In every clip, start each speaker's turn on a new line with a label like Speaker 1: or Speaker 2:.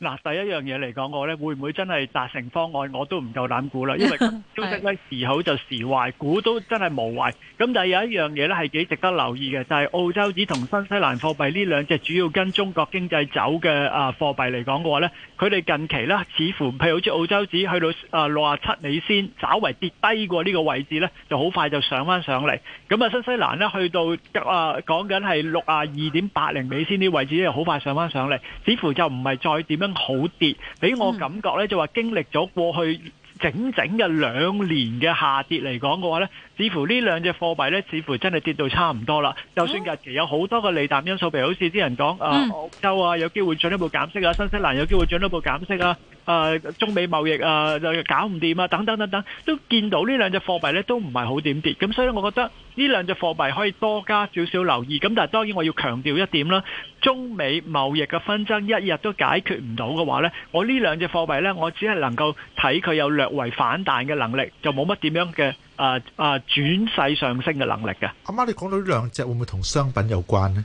Speaker 1: 嗱，第一樣嘢嚟講，我咧會唔會真係達成方案，我都唔夠膽估啦。因為消息咧時好就時壞，估都真係無謂。咁但係有一樣嘢咧係幾值得留意嘅，就係澳洲紙同新西蘭貨幣呢兩隻主要跟中國經濟走嘅啊貨幣嚟講嘅話咧，佢哋近期咧似乎譬如好似澳洲紙去到啊六啊七美仙，稍為跌低過呢個位置咧，就好快就上翻上嚟。咁啊，新西蘭咧去到啊講緊係六啊二點八零美仙呢位置咧，好快上翻上嚟，似乎就唔係再點樣。好跌，俾我感覺咧就話、是、經歷咗過去整整嘅兩年嘅下跌嚟講嘅話咧，似乎兩貨幣呢兩隻貨幣咧，似乎真係跌到差唔多啦。就算近期有好多嘅利淡因素，譬如好似啲人講、呃、啊，澳洲啊有機會進一步減息啊，新西蘭有機會進一步減息啊。誒、呃、中美貿易啊，就、呃、搞唔掂啊，等等等等，都見到呢兩隻貨幣咧都唔係好點跌，咁所以我覺得呢兩隻貨幣可以多加少少留意。咁但係當然我要強調一點啦，中美貿易嘅紛爭一日都解決唔到嘅話咧，我呢兩隻貨幣咧，我只係能夠睇佢有略為反彈嘅能力，就冇乜點樣嘅啊啊轉勢上升
Speaker 2: 嘅能力嘅。阿媽、媽，你講到呢兩隻會唔會同商品有關咧？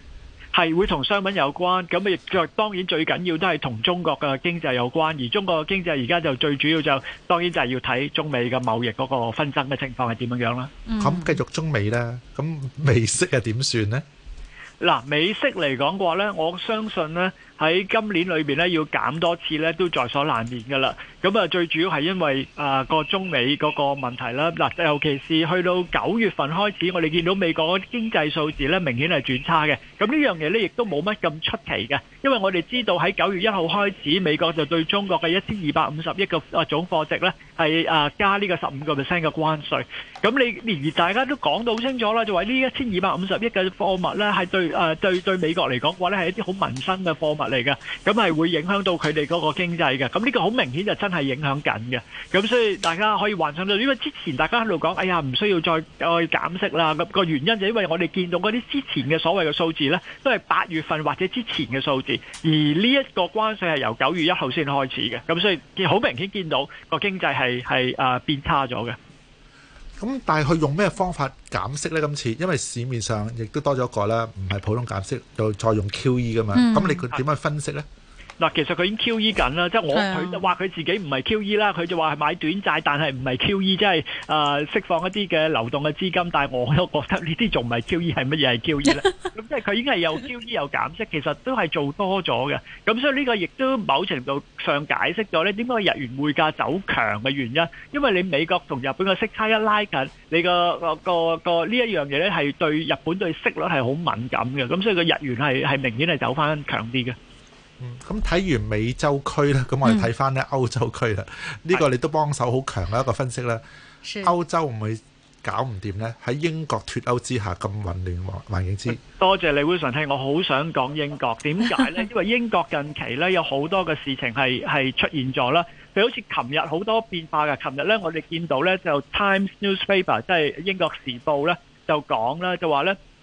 Speaker 1: 係會同商品有關，咁亦當然最緊要都係同中國嘅經濟有關，而中國嘅經濟而家就最主要就是，當然就係要睇中美嘅貿易嗰個紛爭嘅情況係點樣樣啦。咁繼、嗯、續中美咧，
Speaker 2: 咁美息啊點算呢？
Speaker 1: 嗱、嗯，美息嚟講嘅話咧，我相信呢。喺今年裏面咧，要減多次咧，都在所難免㗎喇。咁啊，最主要係因為啊個中美嗰個問題啦。嗱，尤其是去到九月份開始，我哋見到美國嘅經濟數字咧，明顯係轉差嘅。咁呢樣嘢咧，亦都冇乜咁出奇嘅，因為我哋知道喺九月一號開始，美國就對中國嘅一千二百五十億個啊總貨值咧，係啊加呢個十五個 percent 嘅關稅。咁你連大家都講到好清楚啦，就話呢一千二百五十億嘅貨物咧，係對啊對對美國嚟講，話咧，係一啲好民生嘅貨物。嚟嘅，咁係會影響到佢哋嗰個經濟嘅。咁呢個好明顯就真係影響緊嘅。咁所以大家可以幻想到，因為之前大家喺度講，哎呀，唔需要再再減息啦。咁、咁個原因就因為我哋見到嗰啲之前嘅所謂嘅數字呢，都係八月份或者之前嘅數字，而呢一個關稅係由九月一號先開始嘅。咁所以好明顯見到個經濟係係誒變差咗嘅。
Speaker 2: 咁但係佢用咩方法減息呢？今次因為市面上亦都多咗一個啦，唔係普通減息，又再用 QE 嘅嘛。咁、嗯、你點樣去分析呢？
Speaker 1: 嗱，其實佢已經 QE 緊啦，即係我佢話佢自己唔係 QE 啦，佢就話係買短債，但係唔係 QE，即係誒釋放一啲嘅流動嘅資金。但係我覺得、e, e、呢啲仲唔係 QE，係乜嘢係 QE 咧？ 即係佢已經係又 QE 又減息，其實都係做多咗嘅。咁所以呢個亦都某程度上解釋咗咧，點解日元匯價走強嘅原因？因為你美國同日本嘅息差一拉近，你個個個個呢一樣嘢咧，係對日本對息率係好敏感嘅。咁所以個日元係係明顯係走翻強啲嘅。嗯，
Speaker 2: 咁睇完美洲區咧，咁我哋睇翻咧歐洲區啦。呢個你都幫手好強嘅一個分析啦。係。歐洲唔會。搞唔掂呢？喺英國脱歐之下咁混亂環境之下，
Speaker 1: 多謝李威廉兄，我好想講英國點解呢？因為英國近期呢，有好多嘅事情係係出現咗啦，佢好似琴日好多變化嘅。琴日呢，我哋見到呢，就 Times Newspaper 即係英國時報呢，就講啦，就話呢。.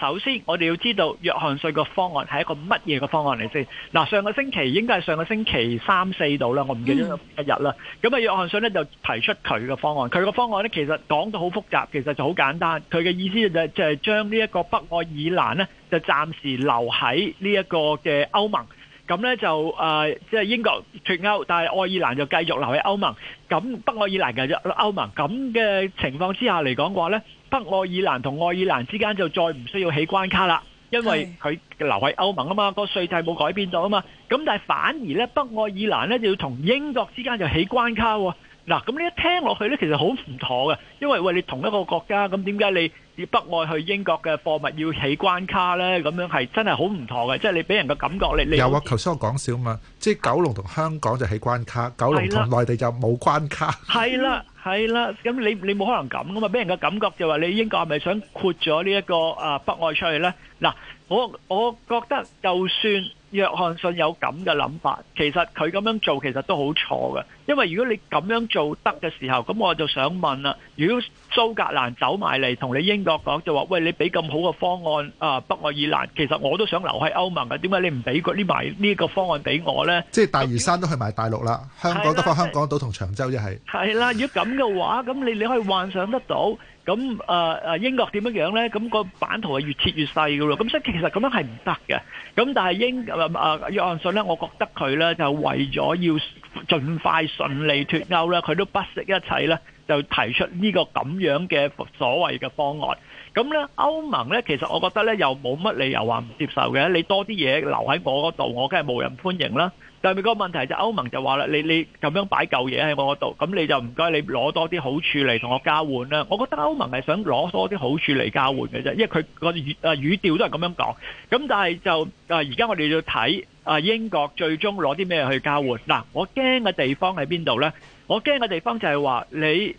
Speaker 1: 首先，我哋要知道約翰遜個方案係一個乜嘢個方案嚟先。嗱，上個星期應該係上個星期三四度啦，我唔記得一日啦。咁啊，約翰遜咧就提出佢個方案。佢個方案咧其實講到好複雜，其實就好簡單。佢嘅意思就就係將呢一個北愛爾蘭呢，就暫時留喺呢一個嘅歐盟。咁咧就誒，即係英國脫歐，但係愛爾蘭就繼續留喺歐盟。咁北愛爾蘭嘅歐盟咁嘅情況之下嚟講嘅話咧。北愛爾蘭同愛爾蘭之間就再唔需要起關卡啦，因為佢留喺歐盟啊嘛，個稅制冇改變到啊嘛，咁但係反而咧北愛爾蘭咧就要同英國之間就起關卡。嗱，咁你一聽落去咧，其實好唔妥嘅，因為喂，你同一個國家，咁點解你要北愛去英國嘅貨物要起關卡咧？咁樣係真係好唔妥嘅，即係你俾人嘅感覺你，說你你有啊？
Speaker 2: 頭先我講笑嘛，即係九龍同香港就起關卡，九龍同內地就冇關卡。係啦
Speaker 1: 的，係啦， 咁你你冇可能咁，㗎嘛！俾人嘅感覺就話你英國係咪想闊咗呢一個啊北愛出去咧？嗱，我我覺得就算。約翰遜有咁嘅諗法，其實佢咁樣做其實都好錯嘅，因為如果你咁樣做得嘅時候，咁我就想問啦，如果蘇格蘭走埋嚟同你英國講，就話喂，你俾咁好嘅方案啊，北愛爾蘭，其實我都想留喺歐盟嘅，點解你唔俾佢呢埋呢個方案俾我呢？
Speaker 2: 即係大嶼山都去埋大陸啦，香港得返香港島同長洲一係。
Speaker 1: 係啦，如果咁嘅話，咁你你可以幻想得到。咁誒誒英國點樣樣咧？咁個版圖係越切越細噶咯。咁所以其實咁樣係唔得嘅。咁但係英誒誒約翰遜咧，我覺得佢咧就為咗要盡快順利脱歐咧，佢都不惜一切咧，就提出呢個咁樣嘅所謂嘅方案。咁咧歐盟咧，其實我覺得咧又冇乜理由話唔接受嘅。你多啲嘢留喺我嗰度，我梗係冇人歡迎啦。但係個問題就歐盟就話啦，你你咁樣擺嚿嘢喺我度，咁你就唔該你攞多啲好處嚟同我交換啦。我覺得歐盟係想攞多啲好處嚟交換嘅啫，因為佢個語啊語調都係咁樣講。咁但係就啊，而家我哋要睇啊英國最終攞啲咩去交換。嗱，我驚嘅地方喺邊度呢？我驚嘅地方就係話你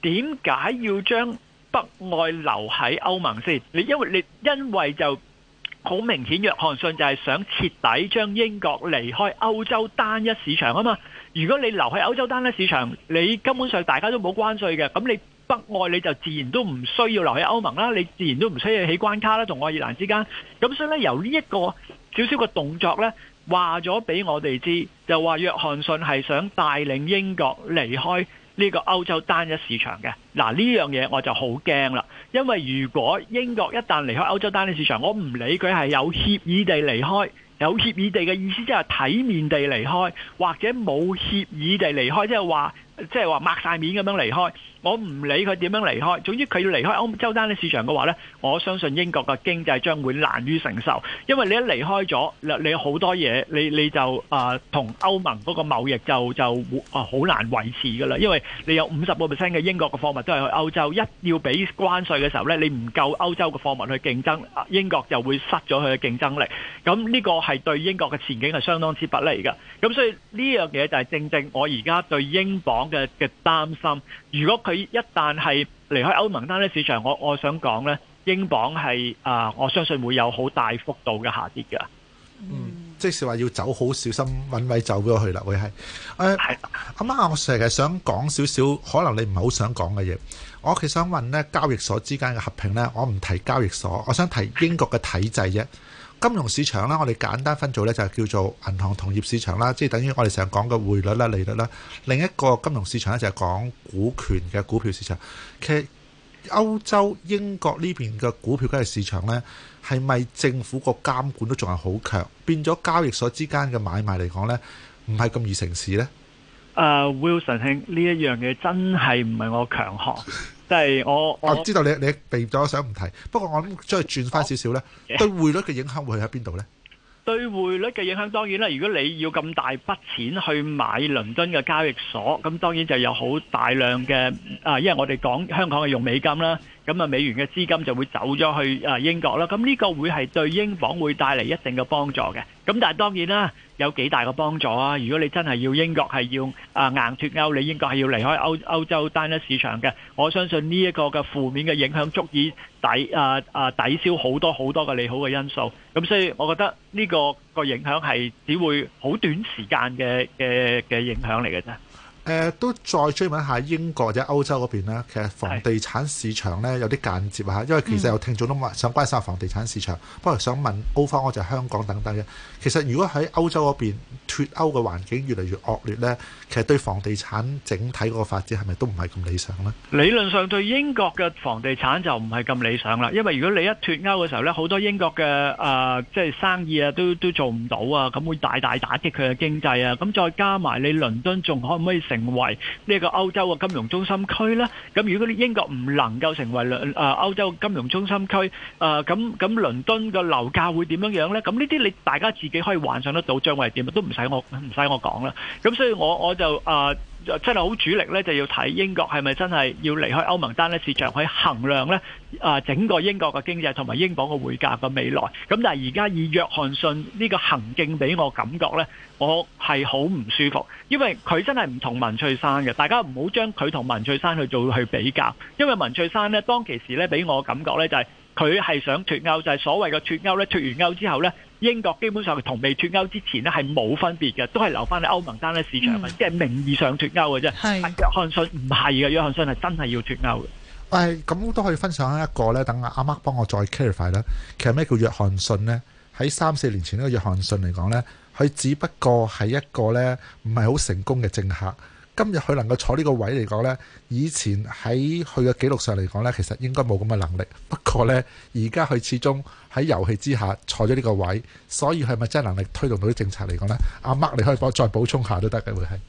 Speaker 1: 點解要將北愛留喺歐盟先？你因為你因為就。好明顯，約翰遜就係想徹底將英國離開歐洲單一市場啊嘛！如果你留喺歐洲單一市場，你根本上大家都冇關稅嘅，咁你北愛你就自然都唔需要留喺歐盟啦，你自然都唔需要起關卡啦，同愛爾蘭之間。咁所以咧，由呢一個少少嘅動作咧，話咗俾我哋知，就話約翰遜係想帶領英國離開。呢個歐洲單一市場嘅，嗱呢樣嘢我就好驚啦，因為如果英國一旦離開歐洲單一市場，我唔理佢係有協議地離開，有協議地嘅意思即係體面地離開，或者冇協議地離開，即係話即係話抹晒面擘晒面咁樣離開。我唔理佢點樣離開，總之佢要離開歐洲單一市場嘅話呢，我相信英國嘅經濟將會難於承受，因為你一離開咗，你好多嘢，你你就啊同歐盟嗰個貿易就就啊好難維持噶啦，因為你有五十個 percent 嘅英國嘅貨物都係去歐洲，一要俾關稅嘅時候呢，你唔夠歐洲嘅貨物去競爭，英國就會失咗佢嘅競爭力。咁呢個係對英國嘅前景係相當之不利噶。咁所以呢樣嘢就係正正我而家對英鎊嘅嘅擔心，如果。佢一旦係離開歐盟單一市場，我我想講呢，英鎊係啊、呃，我相信會有好大幅度嘅下跌嘅。嗯，
Speaker 2: 即是話要走好小心，搵位走咗去啦，會係。誒、呃，啱啱、啊、媽，我成日想講少少，可能你唔係好想講嘅嘢。我其實想問呢，交易所之間嘅合併呢，我唔提交易所，我想提英國嘅體制啫。金融市場啦，我哋簡單分組咧就係叫做銀行同業市場啦，即係等於我哋成日講嘅匯率啦、利率啦。另一個金融市場咧就係講股權嘅股票市場。其實歐洲英國呢邊嘅股票交易市場咧，係咪政府個監管都仲係好強？變咗交易所之間嘅買賣嚟講咧，唔係咁易成事咧？誒、uh，Wilson 兄，呢一樣嘢真係唔係我強項，即係 我我、啊、知道你你避咗想唔提，不過我諗將嚟轉翻少少咧， 對匯率嘅影響會喺邊度咧？
Speaker 1: 對匯率嘅影響，當然啦，如果你要咁大筆錢去買倫敦嘅交易所，咁當然就有好大量嘅啊，因為我哋講香港係用美金啦。咁啊，美元嘅資金就會走咗去啊英國啦，咁呢個會係對英鎊會帶嚟一定嘅幫助嘅。咁但係當然啦，有幾大嘅幫助啊？如果你真係要英國係要啊硬脫歐，你英國係要離開歐歐洲單一市場嘅，我相信呢一個嘅負面嘅影響足以抵啊啊抵消好多好多嘅利好嘅因素。咁所以，我覺得呢個個影響係只會好短時間嘅嘅嘅影響嚟嘅啫。
Speaker 2: 誒都再追問下英國或者歐洲嗰邊啦，其實房地產市場呢有啲間接嚇，因為其實有聽眾都話想關心下房地產市場，不過想問歐方就香港等等嘅。其實如果喺歐洲嗰邊脱歐嘅環境越嚟越惡劣呢，其實對房地產整體個發展係咪都唔係咁理想呢？
Speaker 1: 理論上對英國嘅房地產就唔係咁理想啦，因為如果你一脱歐嘅時候呢，好多英國嘅誒即係生意啊都都做唔到啊，咁會大大打擊佢嘅經濟啊。咁再加埋你倫敦仲可唔可以成？成為呢個歐洲嘅金融中心區啦，咁如果啲英國唔能夠成為誒歐洲金融中心區誒，咁咁倫敦嘅樓價會點樣樣咧？咁呢啲你大家自己可以幻想得到，將會係點都唔使我唔使我講啦。咁所以我我就誒。真係好主力咧，就要睇英國係咪真係要離開歐盟單一市場去衡量咧？啊，整個英國嘅經濟同埋英鎊嘅匯價嘅未來。咁但係而家以約翰遜呢個行徑俾我感覺咧，我係好唔舒服，因為佢真係唔同文翠山嘅。大家唔好將佢同文翠山去做去比較，因為文翠山咧當其時咧俾我感覺咧就係、是。佢係想脫歐就係、是、所謂嘅脫歐咧。脫完歐之後咧，英國基本上同未脫歐之前咧係冇分別嘅，都係留返喺歐盟單一市場、嗯。即係名義上脫歐嘅啫是。但約翰遜唔係嘅，約翰遜係真係要脫歐嘅。
Speaker 2: 誒咁都可以分享一個咧，等阿阿媽幫我再 clarify 咧。其實咩叫約翰遜咧？喺三四年前，呢個約翰遜嚟講咧，佢只不過係一個咧唔係好成功嘅政客。今日佢能夠坐呢個位嚟講呢，以前喺佢嘅記錄上嚟講呢，其實應該冇咁嘅能力。不過呢，而家佢始終喺遊戲之下坐咗呢個位，所以係咪真係能力推動到啲政策嚟講呢？阿 Mark，你可以幫再補充下都得嘅，會係。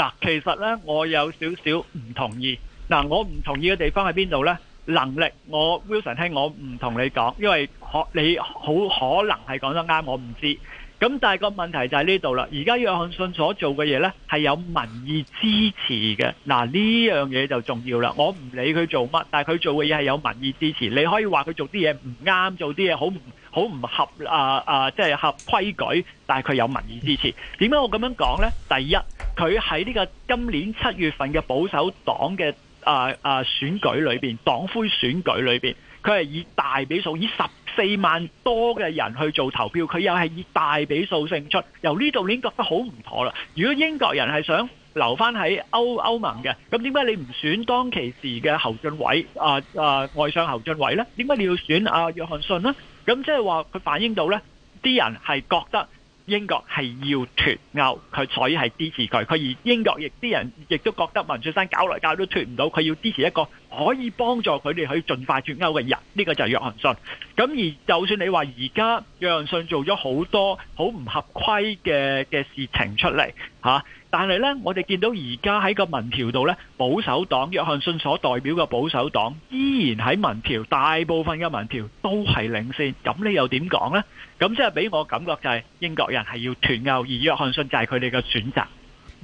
Speaker 1: 嗱，其實呢，我有少少唔同意。嗱，我唔同意嘅地方喺邊度呢？能力我 Wilson 聽，我唔同你講，因為可你好可能係講得啱，我唔知。咁但係個問題就喺呢度啦，而家約翰遜所做嘅嘢呢，係有民意支持嘅。嗱，呢樣嘢就重要啦。我唔理佢做乜，但係佢做嘅嘢係有民意支持。你可以話佢做啲嘢唔啱，做啲嘢好唔好唔合啊啊，即係合規矩，但係佢有民意支持。點解我咁樣講呢？第一，佢喺呢個今年七月份嘅保守黨嘅啊啊選舉裏邊，黨魁選舉裏邊。佢係以大比數以十四萬多嘅人去做投票，佢又係以大比數勝出。由呢度你已經覺得好唔妥啦。如果英國人係想留翻喺歐歐盟嘅，咁點解你唔選當其時嘅侯俊偉啊啊外相侯俊偉呢？點解你要選啊、呃、約翰遜呢？咁即係話佢反映到呢啲人係覺得英國係要脱歐，佢所以係支持佢。佢而英國亦啲人亦都覺得文翠珊搞嚟搞去都脱唔到，佢要支持一個。可以幫助佢哋去以盡快脱歐嘅人，呢、這個就係約翰遜。咁而就算你話而家約翰遜做咗好多好唔合規嘅嘅事情出嚟嚇、啊，但係呢，我哋見到而家喺個民調度呢，保守黨約翰遜所代表嘅保守黨依然喺民調，大部分嘅民調都係領先。咁你又點講呢？咁即係俾我感覺就係、是、英國人係要脱歐，而約翰遜就係佢哋嘅選擇。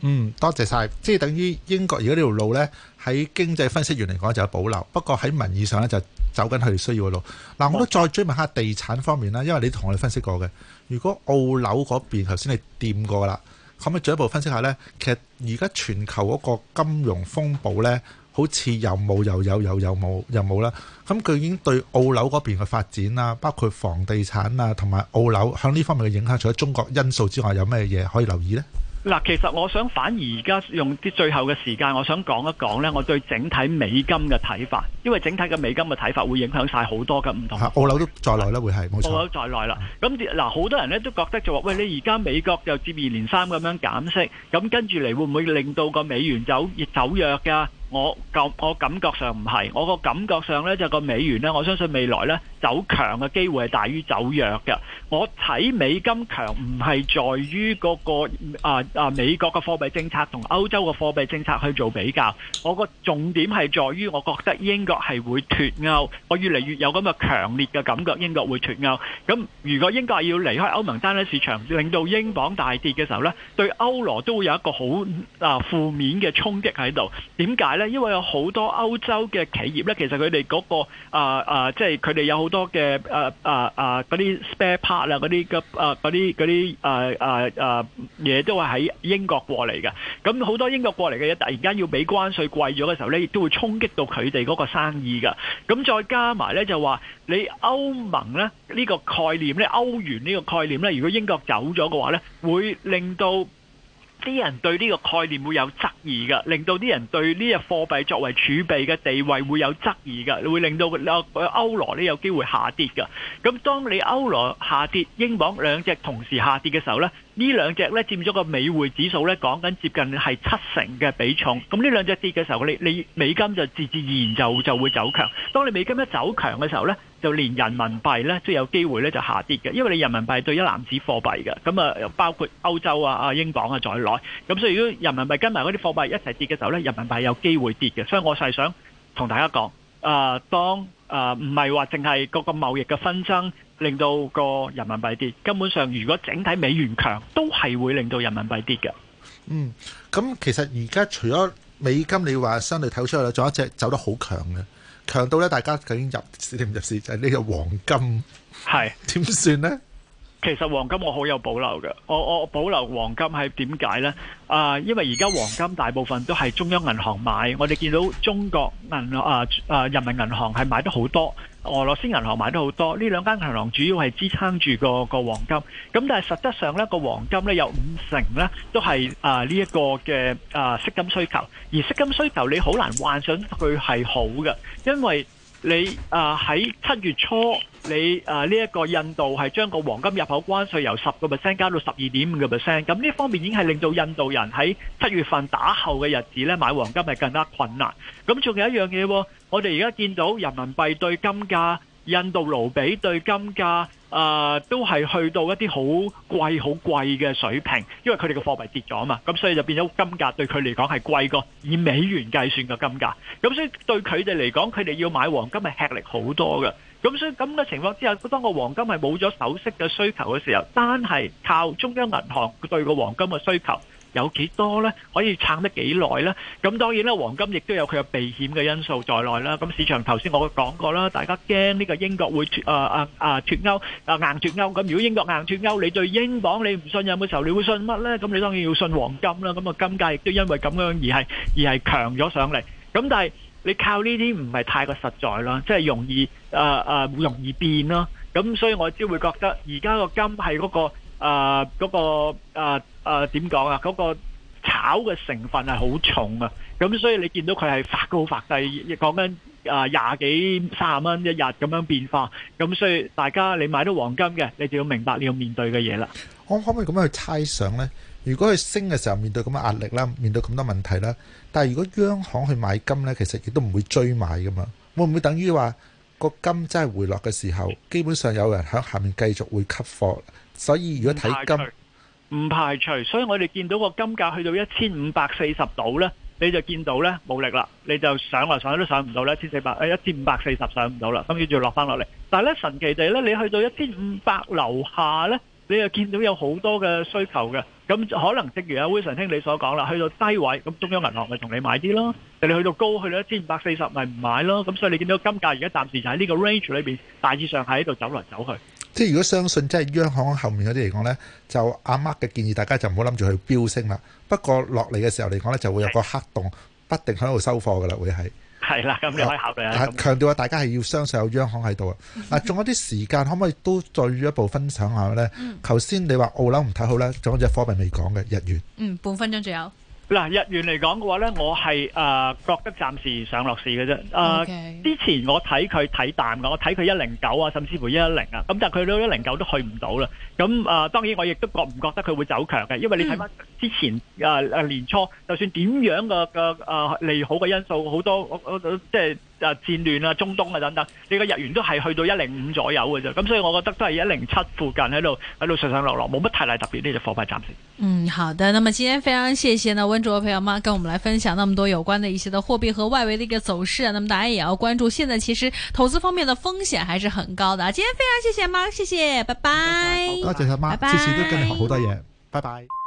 Speaker 1: 嗯，
Speaker 2: 多謝晒，即係等於英國而家呢條路呢。喺經濟分析員嚟講就有保留，不過喺民意上咧就走緊佢哋需要嘅路。嗱，我都再追問下地產方面啦，因為你同我哋分析過嘅，如果澳樓嗰邊頭先你掂過啦，可唔可以進一步分析下呢？其實而家全球嗰個金融風暴呢，好似又冇又有又有冇又冇啦，咁佢已經對澳樓嗰邊嘅發展啊，包括房地產啊，同埋澳樓向呢方面嘅影響，除咗中國因素之外，有咩嘢可以留意呢？
Speaker 1: 嗱，其實我想反而而家用啲最後嘅時間，我想講一講咧，我對整體美金嘅睇法，因為整體嘅美金嘅睇法會影響晒好多嘅唔同、啊。
Speaker 2: 澳樓都在內啦，會係是冇錯澳樓
Speaker 1: 在內啦，咁嗱、啊，好多人咧都覺得就話，喂，你而家美國又接二連三咁樣減息，咁跟住嚟會唔會令到個美元就走，走弱㗎？我感我感覺上唔係，我個感覺上咧就個、是、美元咧，我相信未來咧。走強嘅機會係大於走弱嘅。我睇美金強唔係在於嗰個啊啊美國嘅貨幣政策同歐洲嘅貨幣政策去做比較，我個重點係在於我覺得英國係會脫歐，我越嚟越有咁嘅強烈嘅感覺英國會脫歐。咁如果英國要離開歐盟單一市場令到英鎊大跌嘅時候咧，對歐羅都會有一個好啊負面嘅衝擊喺度。點解咧？因為有好多歐洲嘅企業咧，其實佢哋嗰個啊啊，即係佢哋有好多嘅誒誒誒嗰啲 spare part 啊，嗰啲嘅誒嗰啲嗰啲誒誒誒嘢都係喺英國過嚟嘅，咁好多英國過嚟嘅嘢突然間要俾關稅貴咗嘅時候咧，亦都會衝擊到佢哋嗰個生意嘅。咁再加埋咧就話，你歐盟咧呢個概念咧，歐元呢個概念咧，如果英國走咗嘅話咧，會令到，啲人對呢個概念會有質疑㗎，令到啲人對呢個貨幣作為儲備嘅地位會有質疑㗎，會令到歐羅呢有機會下跌㗎。咁當你歐羅下跌，英鎊兩隻同時下跌嘅時候呢。兩呢兩隻咧佔咗個美匯指數咧，講緊接近係七成嘅比重。咁呢兩隻跌嘅時候，你你美金就自自然然就就會走強。當你美金一走強嘅時候咧，就連人民幣咧都有機會咧就下跌嘅，因為你人民幣係對一籃子貨幣嘅。咁啊，包括歐洲啊、英啊英鎊啊在內。咁所以如果人民幣跟埋嗰啲貨幣一齊跌嘅時候咧，人民幣有機會跌嘅。所以我係想同大家講，啊、呃，當啊唔係話淨係嗰個貿易嘅紛爭。令到個人民幣跌，根本上如果整體美元強，都係會令到人民幣跌嘅。嗯，
Speaker 2: 咁其實而家除咗美金你，你話相對睇出嚟啦，仲有一隻走得好強嘅，強到咧大家究竟入市定唔入市就係、是、呢個黃金，係點是 算呢？
Speaker 1: 其實黃金我好有保留嘅，我我保留黃金係點解呢？啊，因為而家黃金大部分都係中央銀行買，我哋見到中國銀啊啊人民銀行係買得好多，俄羅斯銀行買得好多，呢兩間銀行主要係支撐住個個黃金。咁但係實質上呢個黃金呢，有五成呢都係啊呢一個嘅啊息金需求，而息金需求你好難幻想佢係好嘅，因為。你啊喺、呃、七月初，你啊呢一個印度係將個黃金入口關稅由十個 percent 加到十二點五個 percent，咁呢方面已經係令到印度人喺七月份打後嘅日子咧買黃金係更加困難。咁仲有一樣嘢、哦，我哋而家見到人民幣對金價、印度盧比對金價。啊、呃，都係去到一啲好貴、好貴嘅水平，因為佢哋嘅貨幣跌咗啊嘛，咁所以就變咗金價對佢嚟講係貴過以美元計算嘅金價，咁所以對佢哋嚟講，佢哋要買黃金係吃力好多㗎，咁所以咁嘅情況之下，當個黃金係冇咗首飾嘅需求嘅時候，單係靠中央銀行對個黃金嘅需求。有幾多呢？可以撐得幾耐呢？咁當然啦，黃金亦都有佢嘅避險嘅因素在內啦。咁市場頭先我講過啦，大家驚呢個英國會誒誒誒脱歐，誒硬脱歐。咁如果英國硬脱歐，你對英鎊你唔信有冇時候，你會信乜呢？咁你當然要信黃金啦。咁啊，金價亦都因為咁樣而係而係強咗上嚟。咁但係你靠呢啲唔係太過實在啦，即係容易誒誒容易變咯。咁所以我只會覺得而家個金係嗰個。啊，嗰、呃那個啊啊點講啊？嗰、呃呃那個炒嘅成分係好重啊！咁所以你見到佢係發高發低，亦講緊啊廿幾卅蚊一日咁樣變化。咁所以大家你買到黃金嘅，你就要明白你要面對嘅嘢啦。
Speaker 2: 我可唔可以咁樣去猜想呢？如果佢升嘅時候面對咁嘅壓力啦，面對咁多問題啦，但係如果央行去買金呢，其實亦都唔會追買噶嘛。會唔會等於話？個金真係回落嘅時候，基本上有人喺下面繼續會吸貨，所以如果睇金，唔
Speaker 1: 排，排除，所以我哋見到個金價去到一千五百四十度呢，你就見到呢冇力啦，你就上嚟上去都上唔到啦，千四百，誒一千五百四十上唔到啦，咁跟住落翻落嚟，但係咧神奇地呢，你去到一千五百樓下呢。你又見到有好多嘅需求嘅，咁可能正如阿 Wilson 兄你所講啦，去到低位，咁中央銀行咪同你買啲咯，但你去到高，去到一千五百四十，咪唔買咯。咁所以你見到金價而家暫時就喺呢個 range 裏邊，大致上係喺度走嚟走去。
Speaker 2: 即係如果相信即係央行後面嗰啲嚟講呢，就阿 Mark 嘅建議，大家就唔好諗住去飆升啦。不過落嚟嘅時候嚟講呢，就會有個黑洞，不定喺度收貨噶啦，會係。
Speaker 1: 係啦，咁你可以考慮下。啊、樣
Speaker 2: 強調話大家係要相信有央行喺度啊。嗱，仲有啲時間，可唔可以都再進一步分享下咧？頭先 你話澳樓唔睇好啦，仲有隻科未講嘅日元。
Speaker 3: 嗯，半分鐘左右。嗱，日元
Speaker 1: 嚟講嘅話咧，我係誒、呃、覺得暫時上落市嘅啫。誒、呃、Okay. 之前我睇佢睇淡嘅，我睇佢一零九啊，甚至乎一零啊。咁但係佢都一零九都去唔到啦。咁、嗯、誒、呃、當然我亦都覺唔覺得佢會走強嘅，因為你睇翻之前誒誒、呃、年初，就算點樣嘅嘅誒利好嘅因素好多，呃呃、即係。誒、啊，戰亂啦、啊，中東啊等等，你、這個日元都係去到一零五左右嘅啫。咁、嗯、所以我覺得都係一零七附近喺度喺度上上落落，冇乜太大特別呢隻貨幣，暫時。嗯，
Speaker 3: 好的。那麼今天非常謝謝呢溫灼培嘅朋友媽，跟我們來分享那麼多有關的一些的貨幣和外圍的一個走勢、啊。那麼大家也要關注，現在其實投資方面的風險還是很高的、啊。今天非常謝謝媽，謝謝，拜拜。阿姐，謝媽，都跟你
Speaker 2: 學好多嘢，侯
Speaker 3: 導拜拜。謝謝你。